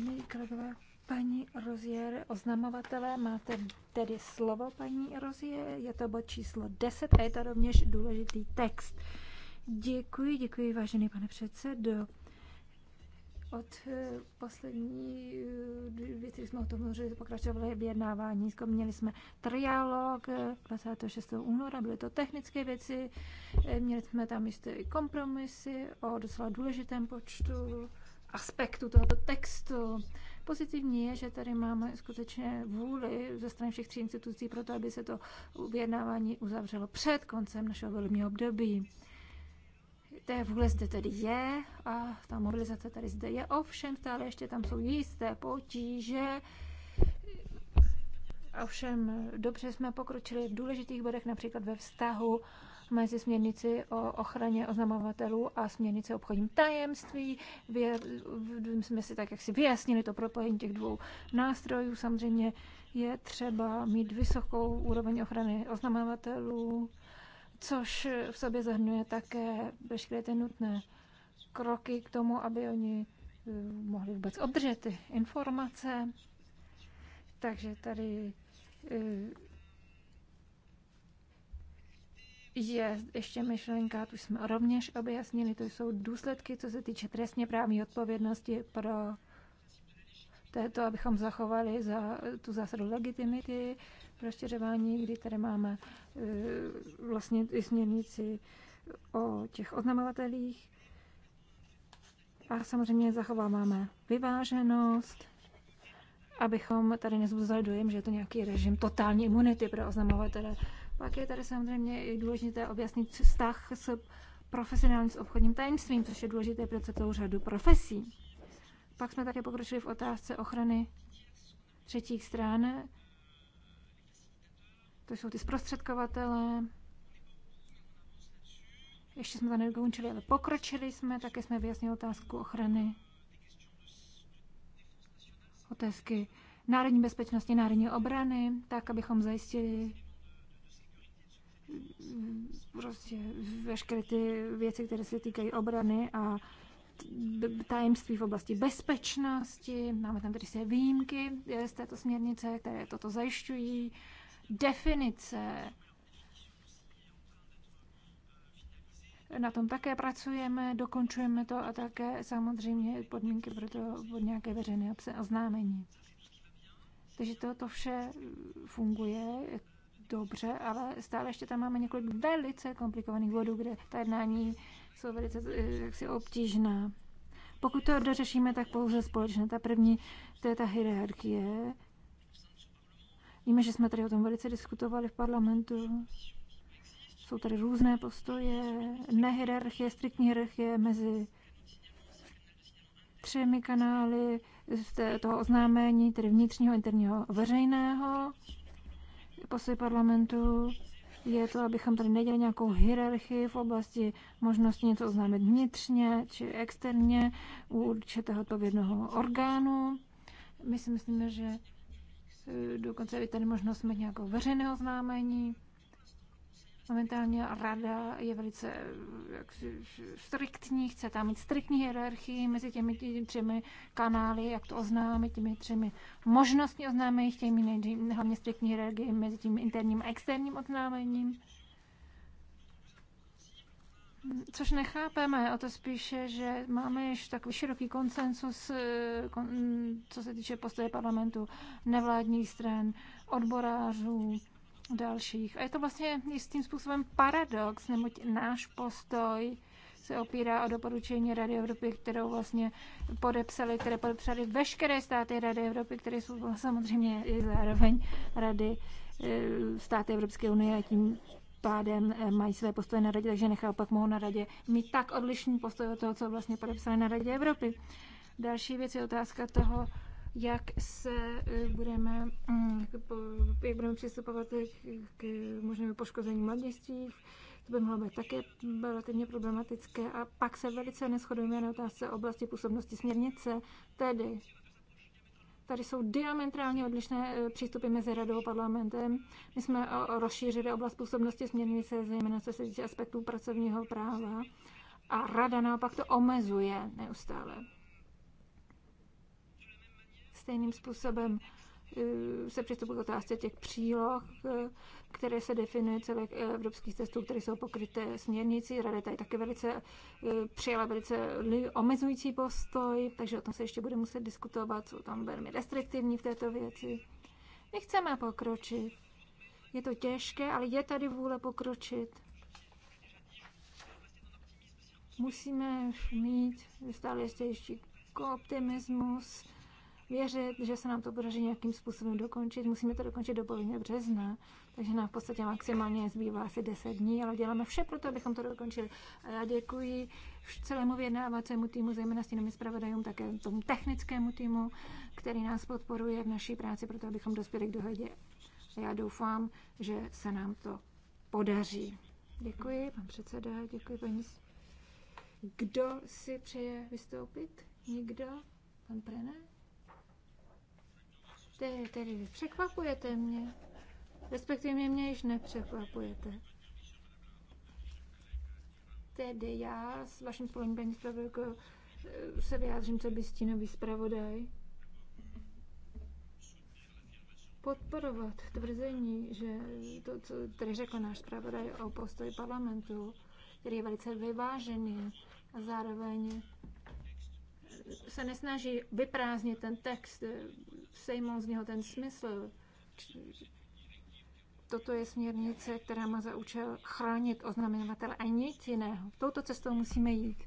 Milí kolegové, Paní Rozier, oznamovatelé, máte tedy slovo, paní Rozier, je to bod číslo 10 a je to rovněž důležitý text. Děkuji, děkuji, vážený pane předsedo. Od eh, poslední eh, věci jsme o tom mluvili, pokračovali vyjednávání. Měli jsme trialog eh, 26. února, byly to technické věci, měli jsme tam jisté kompromisy o docela důležitém počtu aspektu tohoto textu. Pozitivní je, že tady máme skutečně vůli ze strany všech tří institucí pro to, aby se to vyjednávání uzavřelo před koncem našeho volebního období. Té vůle zde tedy je a ta mobilizace tady zde je. Ovšem stále ještě tam jsou jisté potíže, Ovšem dobře jsme pokročili v důležitých bodech, například ve vztahu mezi směrnici o ochraně oznamovatelů a směrnici o obchodním tajemství. Vy, jsme si tak, jak si vyjasnili to propojení těch dvou nástrojů. Samozřejmě je třeba mít vysokou úroveň ochrany oznamovatelů, což v sobě zahrnuje také veškeré ty nutné kroky k tomu, aby oni eh, mohli vůbec obdržet ty informace. Takže tady eh, je ještě myšlenka, tu jsme rovněž objasnili, to jsou důsledky, co se týče trestně právní odpovědnosti pro této, abychom zachovali za tu zásadu legitimity, rozšiřování, kdy tady máme eh, vlastně i směrnici o těch oznamovatelích. A samozřejmě zachováváme vyváženost, abychom tady nezbuzali dojem, že je to nějaký režim totální imunity pro oznamovatele. Pak je tady samozřejmě i důležité objasnit vztah s profesionálním s obchodním tajemstvím, což je důležité pro celou řadu profesí. Pak jsme také pokročili v otázce ochrany třetích stran. To jsou ty zprostředkovatele. Ještě jsme to nedokončili, ale pokročili jsme. Také jsme vyjasnili otázku ochrany otázky národní bezpečnosti, národní obrany, tak, abychom zajistili prostě veškeré ty věci, které se týkají obrany a tajemství v oblasti bezpečnosti. Máme tam tedy se výjimky eh, z této směrnice, které toto zajišťují. Definice. Na tom také pracujeme, dokončujeme to a také samozřejmě podmínky pro to pod nějaké veřejné oznámení. Takže to, to vše funguje, dobře, ale stále ještě tam máme několik velice komplikovaných bodů, kde ta jednání jsou velice eh, jaksi obtížná. Pokud to dořešíme, tak pouze společně. Ta první, to je ta hierarchie. Víme, že jsme tady o tom velice diskutovali v parlamentu. Jsou tady různé postoje, nehierarchie, striktní hierarchie mezi třemi kanály z toho oznámení, tedy vnitřního, interního, veřejného. Postoj parlamentu je to, abychom tady nedělali nějakou hierarchii v oblasti možnosti něco oznámit vnitřně či externě u určitého jednoho orgánu. My si myslíme, že eh, dokonce je tady možnost mít nějakou veřejného známení. Momentálně rada je velice jak, striktní, chce tam mít striktní hierarchii mezi těmi, třemi kanály, jak to oznámit, těmi třemi možnostmi oznámení, chtějí mít hlavně striktní hierarchii mezi tím interním a externím oznámením. Což nechápeme, o to spíše, že máme již takový široký koncensus, eh, co se týče postoje parlamentu, nevládních stran, odborářů, dalších. A je to vlastně jistým způsobem paradox, neboť náš postoj se opírá o doporučení Rady Evropy, kterou vlastně podepsali, které podepsali veškeré státy Rady Evropy, které jsou samozřejmě i zároveň Rady eh, státy Evropské unie a tím pádem eh, mají své postoje na radě, takže nechal pak mohou na radě mít tak odlišný postoj od toho, co vlastně podepsali na radě Evropy. Další věc je otázka toho, jak se eh, budeme, mm, jak budeme přistupovat eh, k možnému poškození mladistvých, to by mohlo být také relativně problematické. A pak se velice neschodujeme na otázce oblasti působnosti směrnice, tedy Tady jsou diametrálně odlišné eh, přístupy mezi radou a parlamentem. My jsme rozšířili oblast působnosti směrnice, zejména co se týče aspektů pracovního práva. A rada naopak to omezuje neustále stejným způsobem eh, se přistupuje k otázce těch příloh, eh, které se definuje celých eh, evropských testů, které jsou pokryté směrnicí. Rada tady také velice přijala velice omezující postoj, takže o tom se ještě bude muset diskutovat. Jsou tam velmi restriktivní v této věci. My chceme pokročit. Je to těžké, ale je tady vůle pokročit. Musíme mít stále ještě optimismus věřit, že se nám to podaří nějakým způsobem dokončit. Musíme to dokončit do poloviny března, takže nám v podstatě maximálně zbývá asi 10 dní, ale děláme vše pro to, abychom to dokončili. A já děkuji celému vyjednávacímu týmu, zejména stínovým zpravodajům, také tomu technickému týmu, který nás podporuje v naší práci, proto abychom dospěli k dohodě. A já doufám, že se nám to podaří. Děkuji, pan předseda, děkuji, paní. Kdo si přeje vystoupit? Nikdo? Pan Prene? Tedy, tedy vy překvapujete mě. Respektive mě, mě již nepřekvapujete. Tedy já s vaším spolem paní zpravodajkou eh, se vyjádřím, co by stínový zpravodaj. Podporovat tvrzení, že to, co tady řekl náš zpravodaj o postoji parlamentu, který je velice vyvážený a zároveň se nesnaží vyprázdnit ten text, eh, sejmout z něho ten smysl. Toto je směrnice, která má za účel chránit oznamenovatele a nic jiného. Touto cestou musíme jít.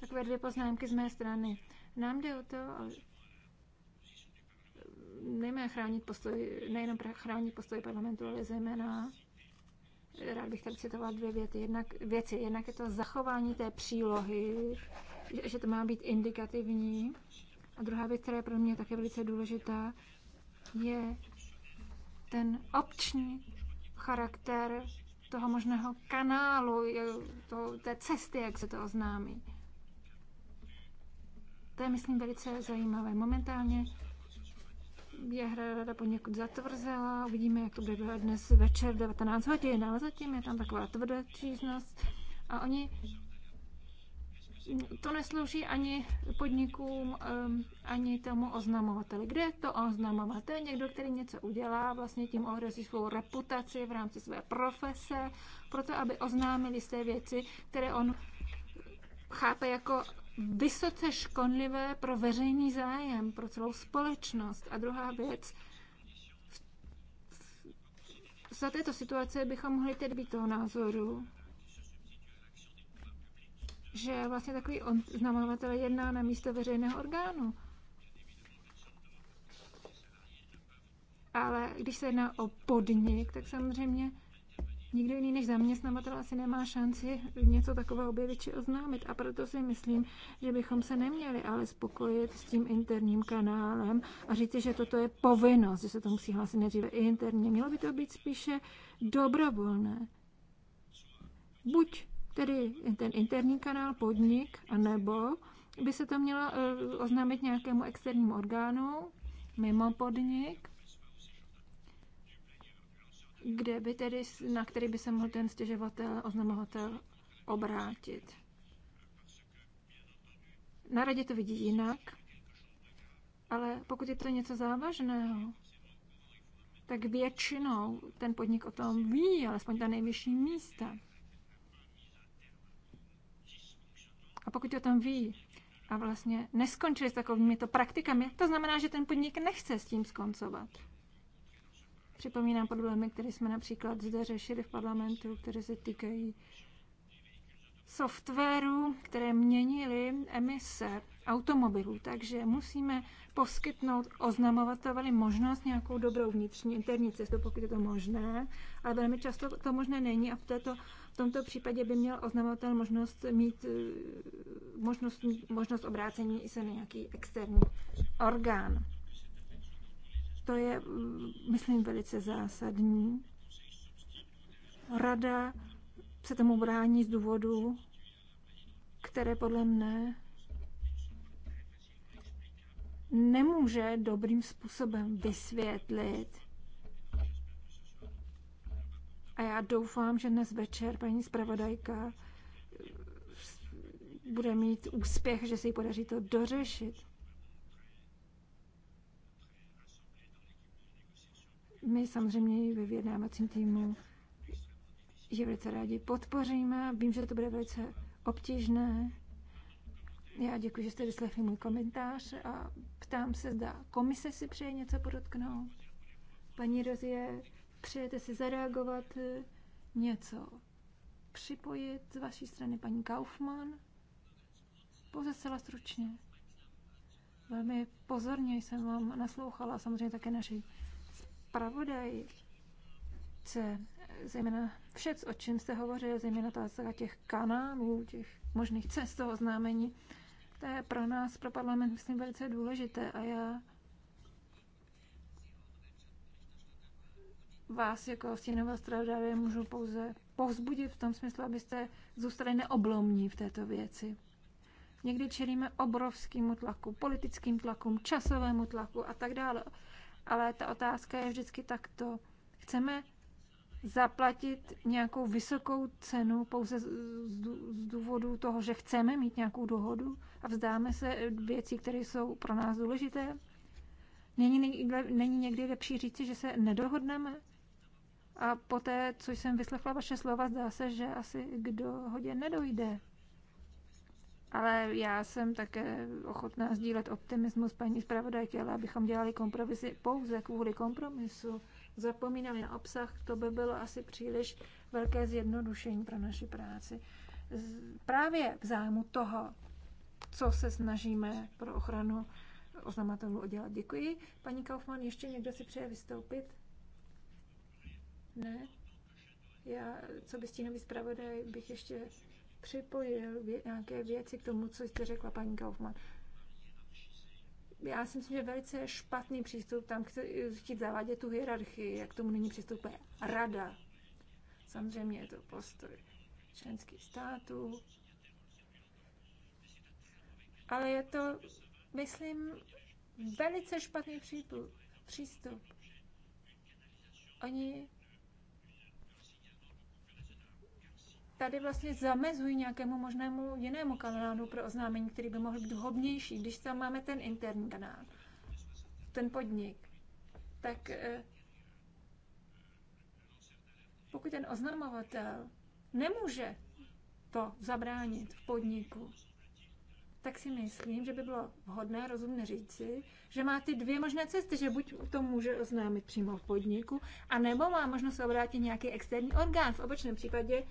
Takové dvě poznámky z mé strany. Nám jde o to, nejméně chránit postoj, nejenom chránit postoj parlamentu, ale zejména rád bych tady citoval dvě věty. Jednak, věci. Jednak je to zachování té přílohy, že to má být indikativní. A druhá věc, která je pro mě také velice důležitá, je ten opční charakter toho možného kanálu, to, té cesty, jak se to oznámí. To je, myslím, velice zajímavé. Momentálně je hra rada poněkud zatvrzela, uvidíme, jak to bude dnes večer 19 hodin, ale zatím je tam taková tvrdočíznost a oni to neslouží ani podnikům, ani tomu oznamovateli. Kde je to oznamovatel? Někdo, který něco udělá, vlastně tím ohrozí svou reputaci v rámci své profese, proto aby oznámili své věci, které on chápe jako vysoce škodlivé pro veřejný zájem, pro celou společnost. A druhá věc, za této situace bychom mohli tedy být toho názoru, že vlastně takový oznamovatel jedná na místo veřejného orgánu. Ale když se jedná o podnik, tak samozřejmě nikdo jiný než zaměstnavatel asi nemá šanci něco takového objevit či oznámit. A proto si myslím, že bychom se neměli ale spokojit s tím interním kanálem a říci, že toto je povinnost, že se to musí hlásit nejdříve i interně. Mělo by to být spíše dobrovolné. Buď tedy ten interní kanál, podnik, anebo by se to mělo eh, oznámit nějakému externímu orgánu mimo podnik, kde by tedy, na který by se mohl ten stěžovatel, oznamovatel obrátit. Na radě to vidí jinak, ale pokud je to něco závažného, tak většinou ten podnik o tom ví, alespoň ta nejvyšší místa. A pokud o tom ví a vlastně neskončili s takovými to praktikami, to znamená, že ten podnik nechce s tím skoncovat. Připomínám problémy, které jsme například zde řešili v parlamentu, které se týkají softwaru, které měnily emise automobilů. Takže musíme poskytnout oznamovateli možnost nějakou dobrou vnitřní interní cestu, pokud je to možné, ale velmi často to možné není a v, této, v tomto případě by měl oznamovatel možnost mít eh, možnost, možnost obrácení se na nějaký externí orgán. To je, mm, myslím, velice zásadní. Rada se tomu brání z důvodu, které podle mne nemůže dobrým způsobem vysvětlit. A já doufám, že dnes večer paní zpravodajka bude mít úspěch, že se jí podaří to dořešit. My samozřejmě ve vyjednávacím týmu je velice rádi podpoříme. Vím, že to bude velice obtížné. Já děkuji, že jste vyslechli můj komentář a Ptám se, zda komise si přeje něco podotknout. Paní Rozie, přejete si zareagovat eh, něco? Připojit z vaší strany paní Kaufmann? Pouze zcela stručně. Velmi pozorně jsem vám naslouchala, samozřejmě také naší zpravodajce, zejména vše, o čem jste hovořil, zejména ta těch kanálů, těch možných cest toho známení, to je pro nás, pro parlament, myslím, velice důležité a já vás jako stínového stravodávě můžu pouze povzbudit v tom smyslu, abyste zůstali neoblomní v této věci. Někdy čelíme obrovskému tlaku, politickým tlakům, časovému tlaku a tak dále. Ale ta otázka je vždycky takto. Chceme zaplatit nějakou vysokou cenu pouze z důvodu toho, že chceme mít nějakou dohodu? a vzdáme se věcí, které jsou pro nás důležité? Není, není někdy lepší říci, že se nedohodneme? A poté, co jsem vyslechla vaše slova, zdá se, že asi k dohodě nedojde. Ale já jsem také ochotná sdílet optimismus paní zpravodajky, ale abychom dělali kompromisy pouze kvůli kompromisu, zapomínali na obsah, to by bylo asi příliš velké zjednodušení pro naši práci. Právě v zájmu toho, co se snažíme pro ochranu oznamatelů udělat. Děkuji. Paní Kaufmann, ještě někdo si přeje vystoupit? Ne? Já, co by stínový zpravodaj, bych ještě připojil vě, nějaké věci k tomu, co jste řekla, paní Kaufmann. Já si myslím, že velice špatný přístup tam chtít zavádět tu hierarchii, jak tomu nyní přistupuje rada. Samozřejmě je to postoj členských států, ale je to, myslím, velice špatný přístup. Oni tady vlastně zamezují nějakému možnému jinému kanálu pro oznámení, který by mohl být hodnější, když tam máme ten interní kanál, ten podnik. Tak eh, pokud ten oznamovatel nemůže to zabránit v podniku, tak si myslím, že by bylo vhodné rozumně říci, že má ty dvě možné cesty, že buď to může oznámit přímo v podniku, anebo má možnost se obrátit nějaký externí orgán. V obočném případě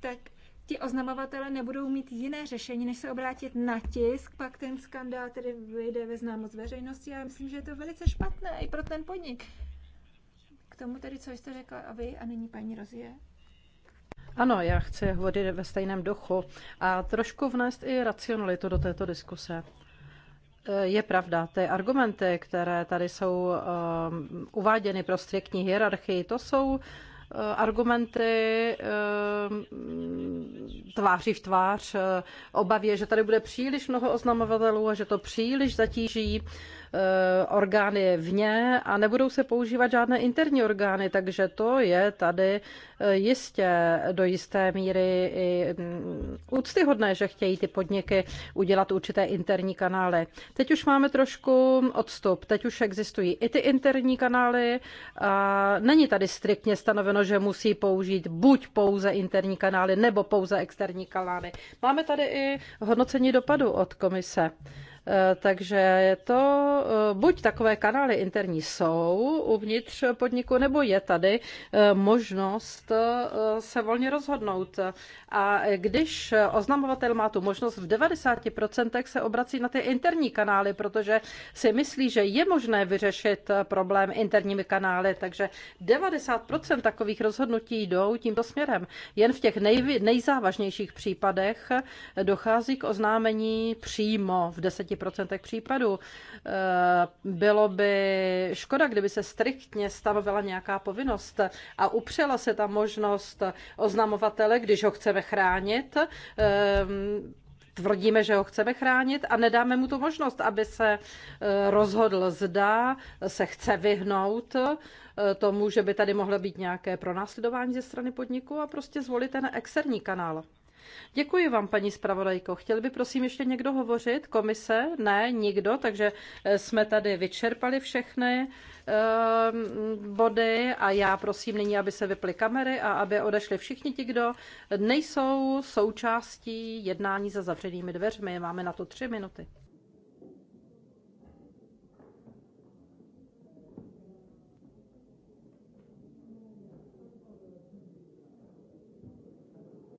tak ti oznamovatele nebudou mít jiné řešení, než se obrátit na tisk, pak ten skandál tedy vyjde ve známost veřejnosti. Já myslím, že je to velice špatné i pro ten podnik. K tomu tedy, co jste řekla a vy a nyní paní Rozie. Ano, já chci hovořit ve stejném duchu a trošku vnést i racionalitu do této diskuse. Eh, je pravda, ty argumenty, které tady jsou eh, uváděny pro striktní hierarchii, to jsou eh, argumenty tváří v tvář obavě, že tady bude příliš mnoho oznamovatelů a že to příliš zatíží Eh, orgány vně a nebudou se používat žádné interní orgány, takže to je tady eh, jistě do jisté míry i mm, úctyhodné, že chtějí ty podniky udělat určité interní kanály. Teď už máme trošku odstup, teď už existují i ty interní kanály a není tady striktně stanoveno, že musí použít buď pouze interní kanály nebo pouze externí kanály. Máme tady i hodnocení dopadu od komise. Eh, takže je to eh, buď takové kanály interní jsou uvnitř podniku, nebo je tady eh, možnost se volně rozhodnout. A když oznamovatel má tu možnost, v 90% se obrací na ty interní kanály, protože si myslí, že je možné vyřešit problém interními kanály, takže 90% takových rozhodnutí jdou tímto směrem. Jen v těch nej, nejzávažnějších případech dochází k oznámení přímo v 10 90% případů. Eh, bylo by škoda, kdyby se striktně stavovala nějaká povinnost a upřela se ta možnost oznamovatele, když ho chceme chránit, eh, tvrdíme, že ho chceme chránit a nedáme mu tu možnost, aby se eh, rozhodl, zda se chce vyhnout tomu, že by tady mohlo být nějaké pronásledování ze strany podniku a prostě zvolit ten externí kanál. Děkuji vám, paní zpravodajko. Chtěl by prosím ještě někdo hovořit? Komise? Ne, nikdo, takže eh, jsme tady vyčerpali všechny eh, body a já prosím nyní, aby se vyply kamery a aby odešli všichni ti, kdo nejsou součástí jednání za zavřenými dveřmi. Máme na to tři minuty.